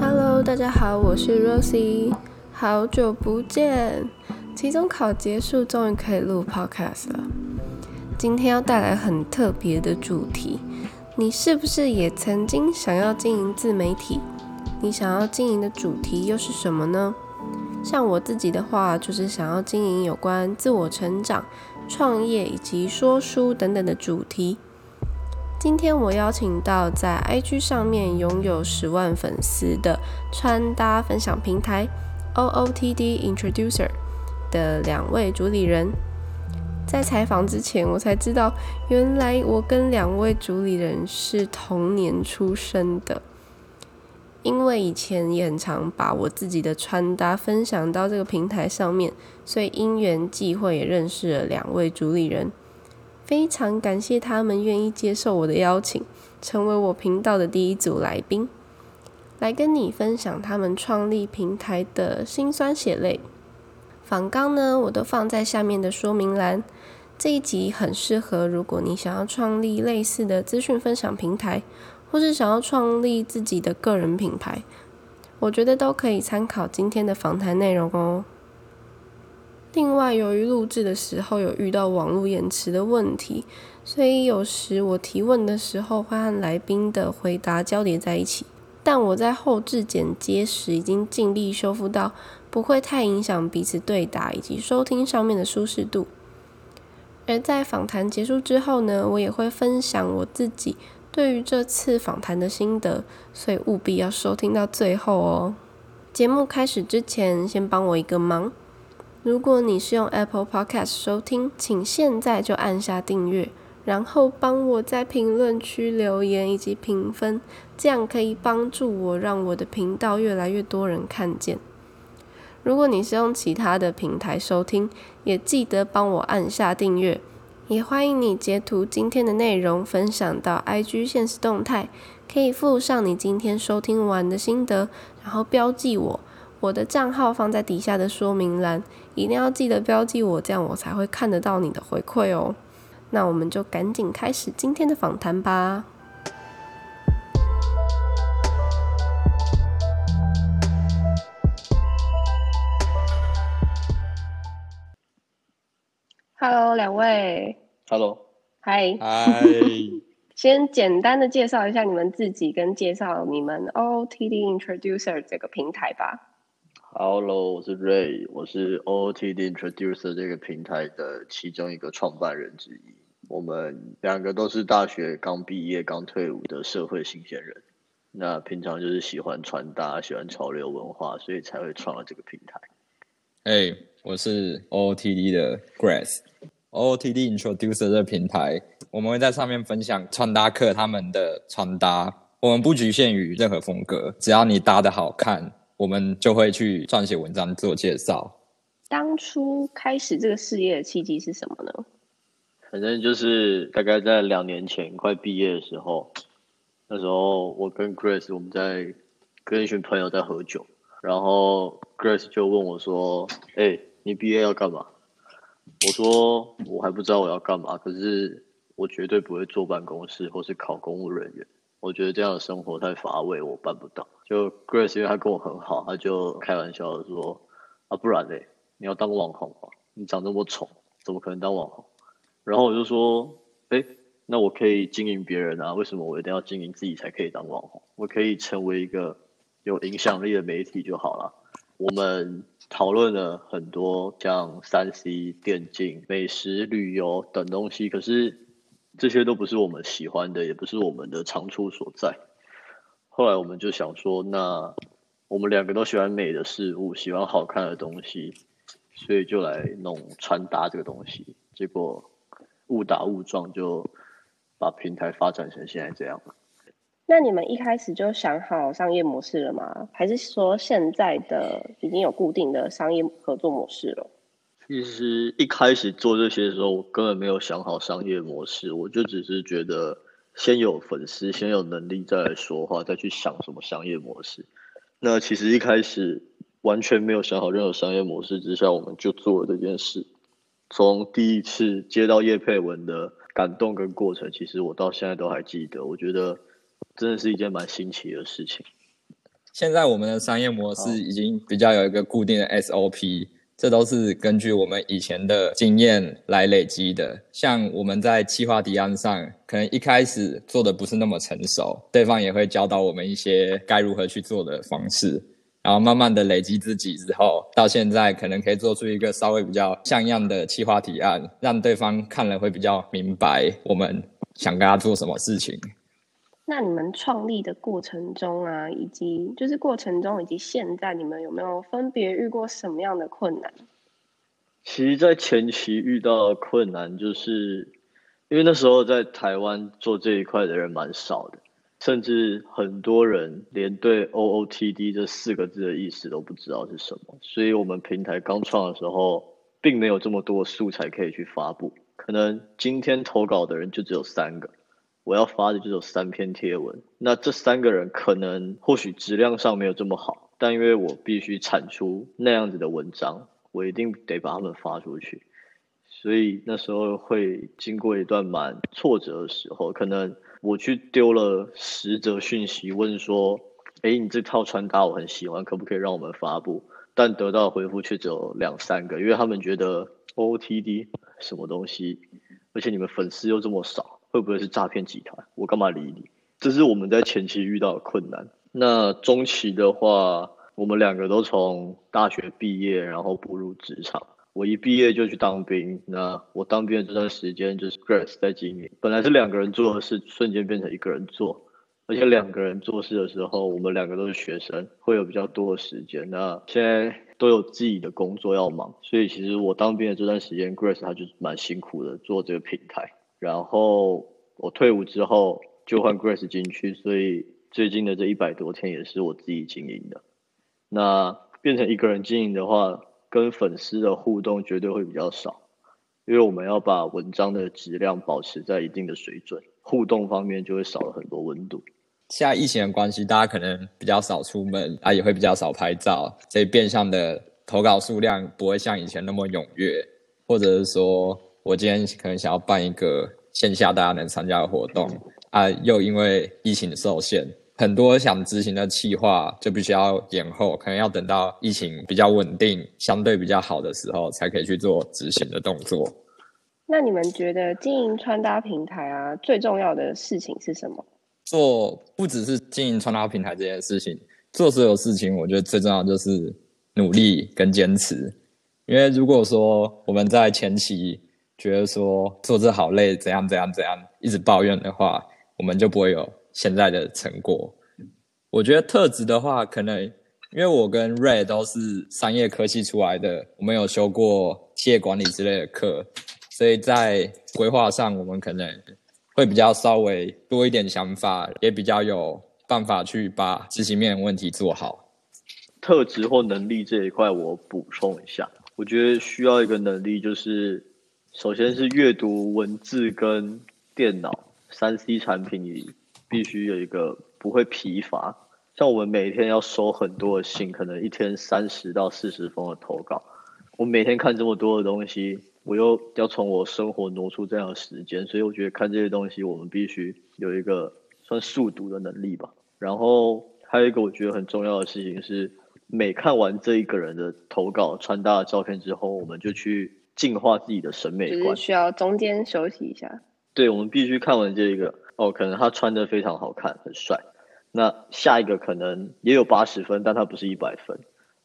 Hello，大家好，我是 Rosie，好久不見。期中考結束，終於可以錄 Podcast 了。今天要帶來很特別的主題。你是不是也曾經想要經營自媒體？你想要經營的主題又是什麼呢？像我自己的話，就是想要經營有關自我成長、創業以及說書等等的主題。今天我邀請到在 IG 上面擁有十萬粉絲的穿搭分享平台 OOTD Introducer 的兩位主理人。在採訪之前，我才知道，原來我跟兩位主理人是同年出生的。因為以前也很常把我自己的穿搭分享到這個平台上面，所以因緣際會也認識了兩位主理人，非常感謝他們願意接受我的邀請，成為我頻道的第一組來賓，來跟你分享他們創立平台的辛酸血淚。訪綱呢，我都放在下面的說明欄，這一集很適合如果你想要創立類似的資訊分享平台。或是想要創立自己的個人品牌，我覺得都可以參考今天的訪談內容哦。另外，由於錄製的時候有遇到網絡延遲的問題，所以有時我提問的時候會和來賓的回答交疊在一起。但我在後製剪接時已經盡力修復到，不會太影響彼此對答以及收聽上面的舒適度。而在訪談結束之後呢，我也會分享我自己。對於這次訪談的心得，所以務必要收聽到最後哦。節目開始之前，先幫我一個忙。如果你是用 Apple Podcast 收聽，請現在就按下訂閱，然後幫我在評論區留言以及評分，這樣可以幫助我讓我的頻道越來越多人看見。如果你是用其他的平台收聽，也記得幫我按下訂閱。也歡迎你截圖今天的內容分享到 IG 限時動態，可以附上你今天收聽完的心得，然後標記我，我的賬號放在底下的說明欄，一定要記得標記我，這樣我才會看得到你的回饋哦。那我們就趕緊開始今天的訪談吧。Hello，兩位。Hello，Hi，Hi。 先簡單的介紹一下你們自己，跟介紹你們 OOTD Introducer 這個平台吧。Hello，我是 Ray，我是 OOTD Introducer 這個平台的其中一個創辦人之一。我們兩個都是大學剛畢業、剛退伍的社會新鮮人。那平常就是喜歡穿搭，喜歡潮流文化，所以才會創了這個平台。哎、hey。我是 OOTD 的 Grace，OOTD Introducer 這個平台，我們會在上面分享穿搭客他們的穿搭，我們不局限於任何風格，只要你搭的好看，我們就會去撰寫文章做介紹。當初開始這個事業的契機是什麼呢？反正就是大概在兩年前快畢業的時候，那時候我跟 Grace 我們在跟一群朋友在喝酒，然後 Grace 就問我說：“哎、欸。”你畢業要幹嘛？我說我還不知道我要幹嘛，可是我絕對不會坐辦公室或是考公務人員。我覺得這樣的生活太乏味，我辦不到。就 Grace，因為他跟我很好，他就開玩笑地說：“啊，不然呢？你要當網紅啊？你長這麼醜，怎麼可能當網紅？”然後我就說：“誒，那我可以經營別人啊？為什麼我一定要經營自己才可以當網紅？我可以成為一個有影響力的媒體就好了。”我們。討論了很多像 3C、電競、美食、旅遊等東西，可是這些都不是我們喜歡的，也不是我們的長處所在。後來我們就想說，那我們兩個都喜歡美的事物，喜歡好看的東西，所以就來弄穿搭這個東西。結果誤打誤撞就把平台發展成現在這樣了。那你們一開始就想好商業模式了嗎？還是說現在的已經有固定的商業合作模式了？其實一開始做這些的時候，我根本沒有想好商業模式，我就只是覺得先有粉絲，先有能力再來說話，再去想什麼商業模式。那其實一開始完全沒有想好任何商業模式之下，我們就做了這件事。從第一次接到業配文的感動跟過程，其實我到現在都還記得。我覺得。這是一件蠻新奇的事情。現在我們的商業模式已經比較有一個固定的 SOP，Oh. 這都是根據我們以前的經驗來累積的。像我們在企劃提案上，可能一開始做的不是那麼成熟，對方也會教導我們一些該如何去做的方式，然後慢慢的累積自己之後，到現在可能可以做出一個稍微比較像樣的企劃提案，讓對方看了會比較明白我們想跟他做什麼事情。那你們創立的過程中啊，以及就是過程中以及現在，你們有沒有分別遇過什麼樣的困難？其實，在前期遇到的困難，就是因為那時候在台灣做這一塊的人蠻少的，甚至很多人連對 OOTD 這四個字的意思都不知道是什麼。所以，我們平台剛創的時候，並沒有這麼多素材可以去發布。可能今天投稿的人就只有三個。我要發的就有三篇貼文，那這三個人可能或許質量上沒有這麼好，但因為我必須產出那樣子的文章，我一定得把他們發出去，所以那時候會經過一段蠻挫折的時候，可能我去丟了十則訊息問說，誒、欸，你這套穿搭我很喜歡，可不可以讓我們發布？但得到的回復卻只有兩三個，因為他們覺得 OOTD 什麼東西，而且你們粉絲又這麼少。會不會是詐騙集團？我幹嘛理你？這是我們在前期遇到的困難。那中期的話，我們兩個都從大學畢業，然後步入職場。我一畢業就去當兵。那我當兵的這段時間，就是 Grace 在經營。本來是兩個人做的事，瞬間變成一個人做。而且兩個人做事的時候，我們兩個都是學生，會有比較多的時間。那現在都有自己的工作要忙，所以其實我當兵的這段時間，Grace 他就蠻辛苦的做這個平台。然後我退伍之後就換 Grace 進去，所以最近的這一百多天也是我自己經營的。那變成一個人經營的話，跟粉絲的互動絕對會比較少，因為我們要把文章的質量保持在一定的水準，互動方面就會少了很多溫度。現在疫情的關係，大家可能比較少出門，啊，也會比較少拍照，所以變相的投稿數量不會像以前那麼踴躍，或者是說。我今天可能想要辦一個線下大家能參加的活動啊，又因為疫情的受限，很多想執行的企劃就必須要延後，可能要等到疫情比較穩定、相對比較好的時候才可以去做執行的動作。那你們覺得經營穿搭平台啊，最重要的事情是什麼？做不只是經營穿搭平台這件事情，做所有事情，我覺得最重要就是努力跟堅持。因為如果說我們在前期，覺得說做這好累，怎樣怎樣怎樣，一直抱怨的話，我們就不會有現在的成果。我覺得特質的話，可能因為我跟 Ray 都是商業科系出來的，我們有修過企業管理之類的課，所以在規劃上我們可能會比較稍微多一點想法，也比較有辦法去把執行面問題做好。特質或能力這一塊，我補充一下，我覺得需要一個能力就是。首先是閱讀文字跟電腦 3C 產品，你必須有一個不會疲乏。像我們每天要收很多的信，可能一天三十到四十封的投稿，我每天看這麼多的東西，我又要從我生活挪出這樣的時間，所以我覺得看這些東西，我們必須有一個算速讀的能力吧。然後還有一個我覺得很重要的事情，是每看完這一個人的投稿、穿搭的照片之後，我們就去。淨化自己的審美觀，只是需要中間休息一下。對，我們必須看完這個哦。可能他穿得非常好看，很帥。那下一個可能也有八十分，但他不是一百分。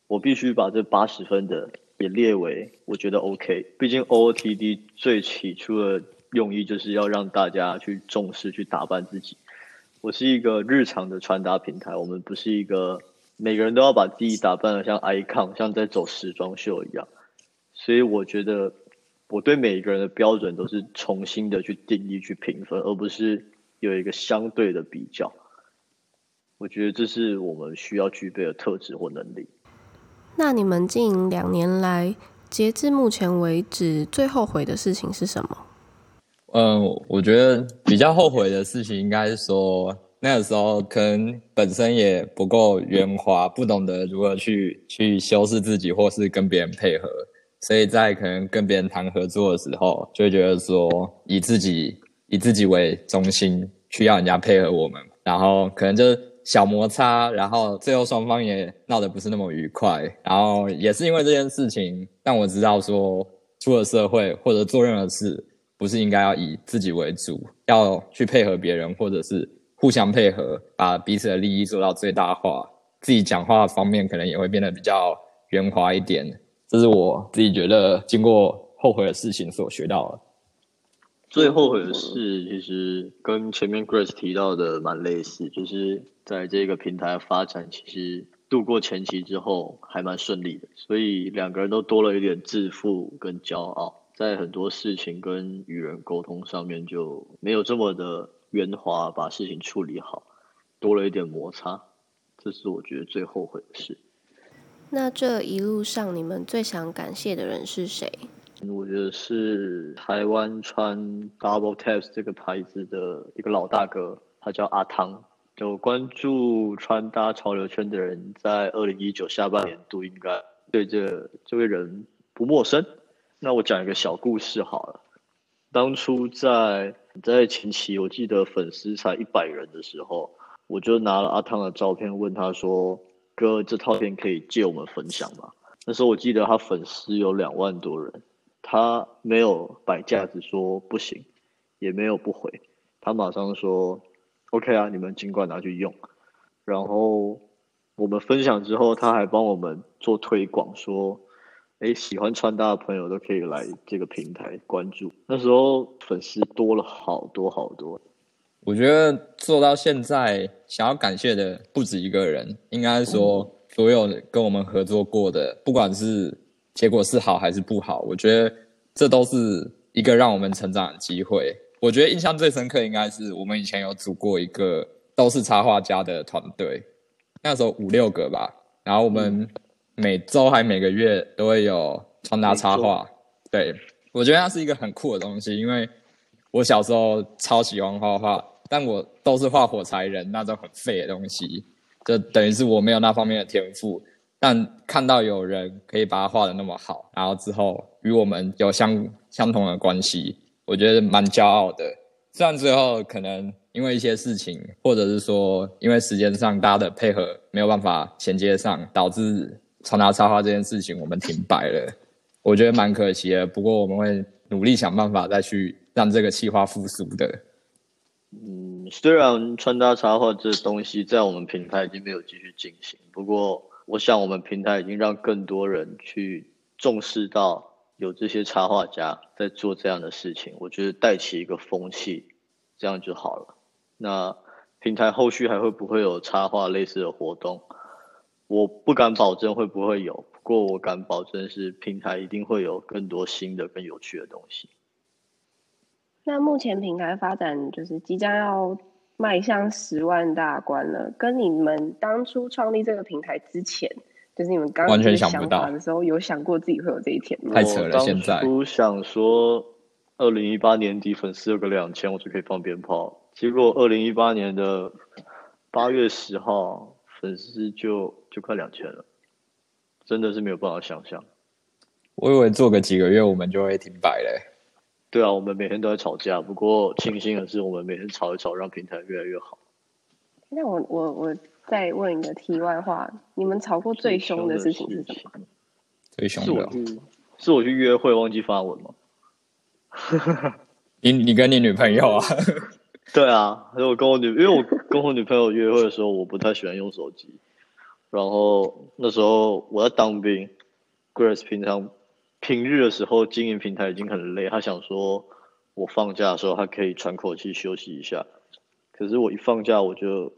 我必須把這八十分的也列為我覺得 OK。畢竟 OOTD 最起初的用意就是要讓大家去重視去打扮自己。我是一個日常的穿搭平台，我們不是一個每個人都要把自己打扮得像 icon，像在走時裝秀一樣。所以我覺得，我對每一個人的標準都是重新的去定義、去評分，而不是有一個相對的比較。我覺得這是我們需要具備的特質或能力。那你們近兩年來，截至目前為止，最後悔的事情是什麼？嗯，我覺得比較後悔的事情，應該是說那個時候可能本身也不夠圓滑，不懂得如何去去修飾自己，或是跟別人配合。所以在可能跟別人談合作的時候，就會覺得說以自己以自己為中心需要人家配合我們，然後可能就是小摩擦，然後最後雙方也鬧得不是那麼愉快。然後也是因為這件事情，讓我知道說出了社會或者做任何事，不是應該要以自己為主，要去配合別人，或者是互相配合，把彼此的利益做到最大化。自己講話方面可能也會變得比較圓滑一點。這是我自己覺得經過後悔的事情所學到的。最後悔的事，其實跟前面 Grace 提到的蠻類似，就是在這個平台發展，其實度過前期之後還蠻順利的，所以兩個人都多了一點自負跟驕傲，在很多事情跟與人溝通上面就沒有這麼的圓滑，把事情處理好，多了一點摩擦。這是我覺得最後悔的事。那這一路上，你們最想感謝的人是誰？我覺得是台灣穿 Double Taps 這個牌子的一個老大哥，他叫阿湯。就關注穿搭潮流圈的人，在二零一九下半年都應該對這這位人不陌生。那我講一個小故事好了。當初在在前期，我記得粉絲才一百人的時候，我就拿了阿湯的照片，問他說，哥，這套片可以借我們分享嗎？那時候我記得他粉絲有兩萬多人，他沒有擺架子說不行，也沒有不回，他馬上說，OK 啊，你們盡管拿去用。然後我們分享之後，他還幫我們做推廣，說，誒，喜歡穿搭的朋友都可以來這個平台關注。那時候粉絲多了好多好多。我覺得做到現在，想要感謝的不止一個人，應該說所有跟我們合作過的，不管是結果是好還是不好，我覺得這都是一個讓我們成長的機會。我覺得印象最深刻應該是我們以前有組過一個都是插畫家的團隊，那時候五六個吧，然後我們每周還每個月都會有穿搭插畫，對，我覺得那是一個很酷的東西，因為我小時候超喜歡畫畫。但我都是畫火柴人那種很廢的東西，就等於是我沒有那方面的天賦。但看到有人可以把它畫得那麼好，然後之後與我們有相相同的關係，我覺得蠻驕傲的。雖然最後可能因為一些事情，或者是說因為時間上大家的配合沒有辦法銜接上，導致穿搭插畫這件事情我們停擺了，我覺得蠻可惜的。不過我們會努力想辦法再去讓這個企劃復蘇的。嗯，雖然穿搭插畫這東西在我們平台已經沒有繼續進行，不過我想我們平台已經讓更多人去重視到有這些插畫家在做這樣的事情，我覺得帶起一個風氣，這樣就好了。那平台後續還會不會有插畫類似的活動？我不敢保證會不會有，不過我敢保證是平台一定會有更多新的、更有趣的東西。那目前平台發展就是即將要邁向十萬大關了，跟你們當初創立這個平台之前，就是你們剛完全想不到想法的時候，有想過自己會有這一天嗎？太扯了！現在不想說，二零一八年底粉絲有個兩千，我就可以放鞭炮。結果二零一八年的八月十號粉，粉絲就就快兩千了，真的是沒有辦法想象。我以為做個幾個月，我們就會停擺嘞、欸。對啊，我們每天都在吵架。不過慶幸的是，我們每天吵一吵，讓平台越來越好。那我我我再問一個題外話，你們吵過最兇的事情是什麼？最兇的事情是我去約會忘記發文嗎？ 你你跟你女朋友啊？ 對啊，因為我跟我女，因為我跟我女朋友約會的時候， 我不太喜歡用手機。然後那時候我在當兵，Grace 平常。平日的時候經營平台已經很累，他想說，我放假的時候他可以喘口氣休息一下。可是我一放假，我就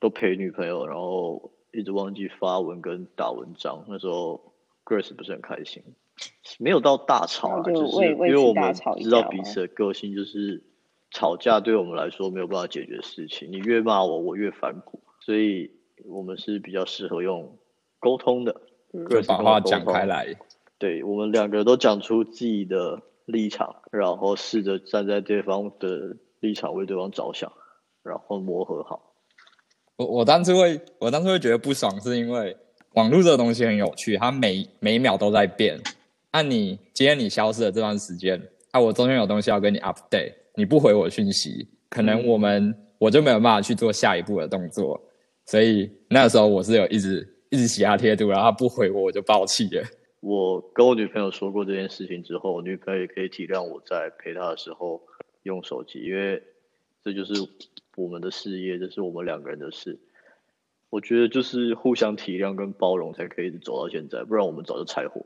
都陪女朋友，然後一直忘記發文跟打文章。那時候 Grace 不是很開心，沒有到大吵啊，就是因為我們知道彼此的個性，就是吵架對我們來說沒有辦法解決事情。你越罵我，我越反骨，所以我們是比較適合用溝通的，就把話講開來。對，我們兩個都講出自己的立場，然後試着站在對方的立場為對方着想，然後磨合好。我我當初會我當初會覺得不爽，是因為網絡這個東西很有趣，它每每秒都在變。按、啊、你今天你消失的這段時間，那、啊、我中間有東西要跟你 update，你不回我訊息，可能我們、嗯、我就沒有辦法去做下一步的動作。所以那時候我是有一直一直洗他貼圖，然後他不回我，我就爆氣了。我跟我女朋友說過這件事情之後，我女朋友也可以體諒我在陪她的時候用手機，因為這就是我們的事業，這是我們兩個人的事。我覺得就是互相體諒跟包容才可以走到現在，不然我們早就拆夥。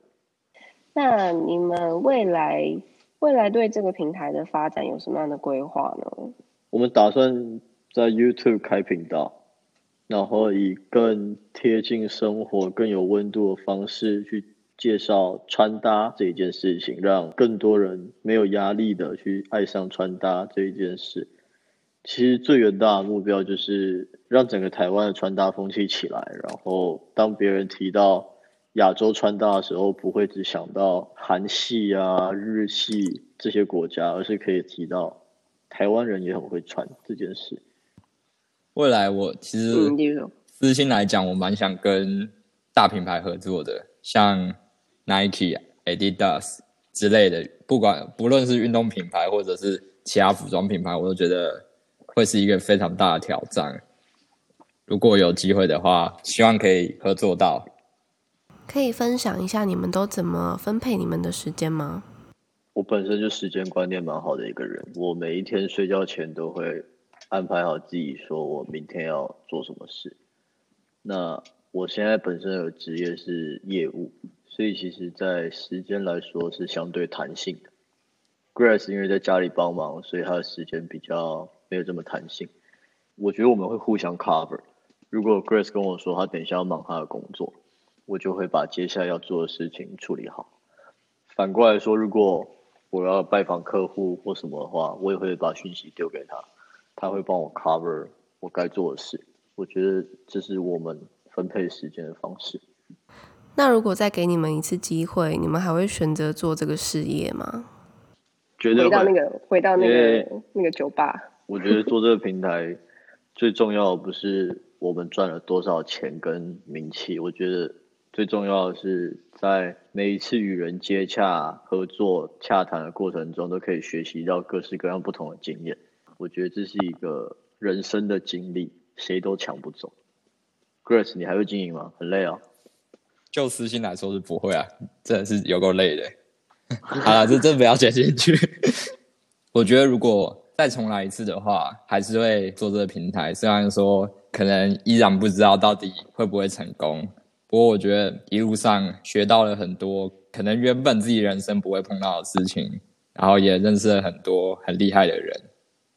那你們未來未來對這個平台的發展有什麼樣的規劃呢？我們打算在 YouTube 開頻道，然後以更貼近生活、更有溫度的方式去。介紹穿搭這一件事情，讓更多人沒有壓力的去愛上穿搭這一件事。其實最遠大的目標就是讓整個台灣的穿搭風氣起來，然後當別人提到亞洲穿搭的時候，不會只想到韓系啊、日系這些國家，而是可以提到台灣人也很會穿這件事。未來我其實私心來講，我蠻想跟大品牌合作的，像。Nike、Adidas 之類的，不管不論是運動品牌或者是其他服裝品牌，我都覺得會是一個非常大的挑戰。如果有機會的話，希望可以合作到。可以分享一下你們都怎麼分配你們的時間嗎？我本身就時間觀念蠻好的一個人，我每一天睡覺前都會安排好自己，說我明天要做什麼事。那我現在本身的職業是業務。所以其實，在時間來說是相對彈性的。Grace 因為在家裡幫忙，所以她的時間比較沒有這麼彈性。我覺得我們會互相 cover。如果 Grace 跟我說她等一下要忙她的工作，我就會把接下來要做的事情處理好。反過來說，如果我要拜訪客戶或什麼的話，我也會把訊息丟給她，她會幫我 cover 我該做的事。我覺得這是我們分配時間的方式。那如果再給你們一次機會，你們還會選擇做這個事業嗎？回到那個，回到那個那個酒吧。我覺得做這個平台 最重要不是我們賺了多少錢跟名氣，我覺得最重要的是在每一次與人接洽、合作、洽談的過程中，都可以學習到各式各樣不同的經驗。我覺得這是一個人生的經歷，誰都搶不走。Grace，你還會經營嗎？很累啊、哦。就私心來說是不會啊，真的是有夠累的。 好了，這真不要寫進去。 我覺得如果再重來一次的話，還是會做這個平台。雖然說可能依然不知道到底會不會成功，不過我覺得一路上學到了很多，可能原本自己人生不會碰到的事情，然後也認識了很多很厲害的人。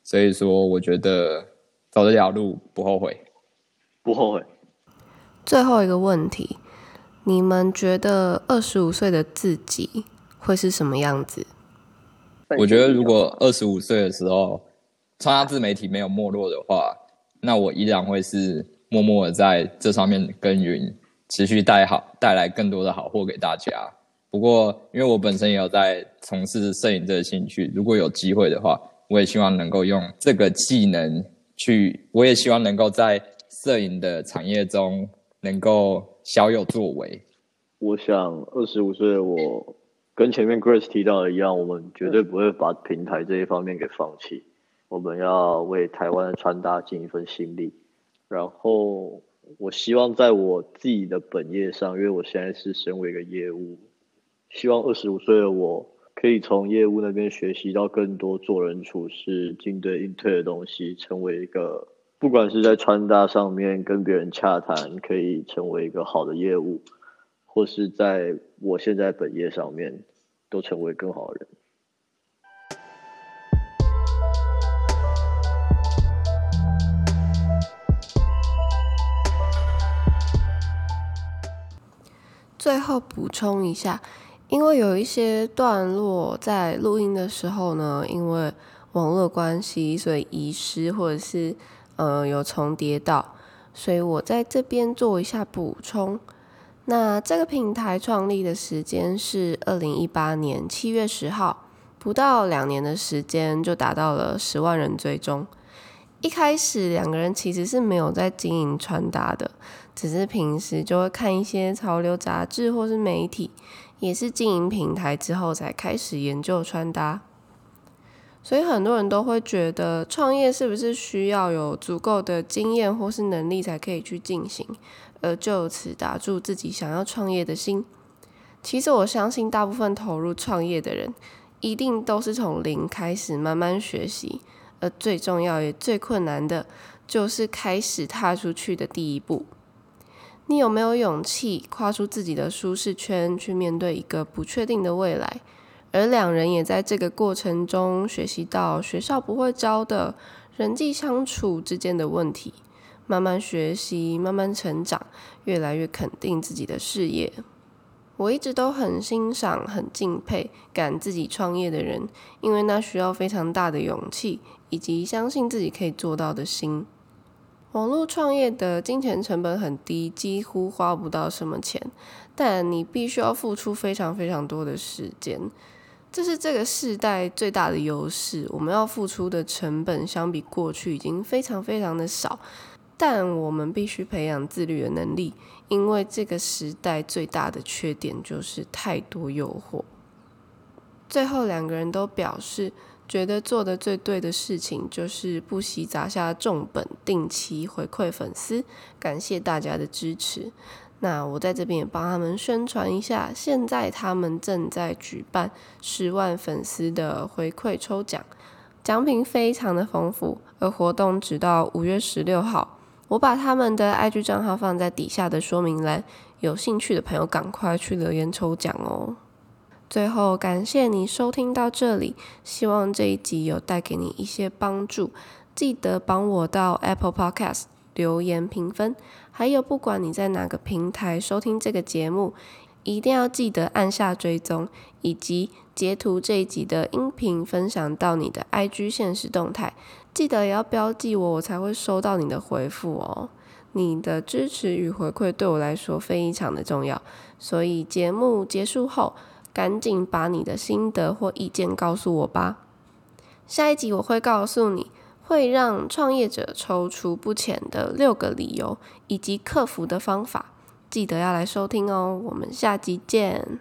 所以說，我覺得走這條路不後悔。不後悔。最後一個問題。你們覺得二十五歲的自己會是什麼樣子？我覺得，如果二十五歲的時候，穿搭自媒體沒有沒落的話，那我依然會是默默的在這上面耕耘，持續帶好，帶來更多的好貨給大家。不過，因為我本身也有在從事攝影這個興趣，如果有機會的話，我也希望能夠用這個技能去，我也希望能夠在攝影的產業中能夠，小有作為，我想二十五歲的我跟前面 Grace 提到的一樣，我們絕對不會把平台這一方面給放棄。我們要為台灣的穿搭盡一份心力。然後，我希望在我自己的本業上，因為我現在是身為一個業務，希望二十五歲的我可以從業務那邊學習到更多做人處事、應對進退的東西，成為一個。不管是在穿搭上面跟別人洽談，可以成為一個好的業務，或是在我現在本業上面，都成為更好的人。最後補充一下，因為有一些段落在錄音的時候呢，因為網絡關係，所以遺失或者是。呃、嗯，有重疊到，所以我在這邊做一下補充。那這個平台創立的時間是二零一八年七月十號，不到兩年的時間就達到了十萬人追蹤。一開始兩個人其實是沒有在經營穿搭的，只是平時就會看一些潮流雜誌或是媒體，也是經營平台之後才開始研究穿搭。所以很多人都會覺得，創業是不是需要有足夠的經驗或是能力才可以去進行，而就此打住自己想要創業的心。其實我相信，大部分投入創業的人，一定都是從零開始慢慢學習，而最重要也最困難的，就是開始踏出去的第一步。你有沒有勇氣跨出自己的舒適圈，去面對一個不確定的未來？而兩人也在這個過程中學習到學校不會教的人際相處之間的問題，慢慢學習，慢慢成長，越來越肯定自己的事業。我一直都很欣賞、很敬佩敢自己創業的人，因為那需要非常大的勇氣以及相信自己可以做到的心。網絡創業的金錢成本很低，幾乎花不到什麼錢，但你必須要付出非常非常多的時間。這是這個時代最大的優勢，我們要付出的成本相比過去已經非常非常的少，但我們必須培養自律的能力，因為這個時代最大的缺點就是太多誘惑。最後兩個人都表示，覺得做得最對的事情就是不惜砸下重本，定期回饋粉絲，感謝大家的支持。那我在這邊也幫他們宣傳一下，現在他們正在舉辦十萬粉絲的回饋抽獎，獎品非常的豐富，而活動直到五月十六號。我把他們的 IG 賬號放在底下的說明欄，有興趣的朋友趕快去留言抽獎哦、喔。最後感謝你收聽到這裡，希望這一集有帶給你一些幫助，記得幫我到 Apple Podcast 留言評分。還有，不管你在哪個平台收聽這個節目，一定要記得按下追蹤，以及截圖這一集的音頻分享到你的 IG 限時動態。記得也要標記我，我才會收到你的回覆哦。你的支持與回饋對我來說非常的重要，所以節目結束後，趕緊把你的心得或意見告訴我吧。下一集我會告訴你。會讓創業者躊躇不前的六個理由以及克服的方法，記得要來收聽哦。我們下集見。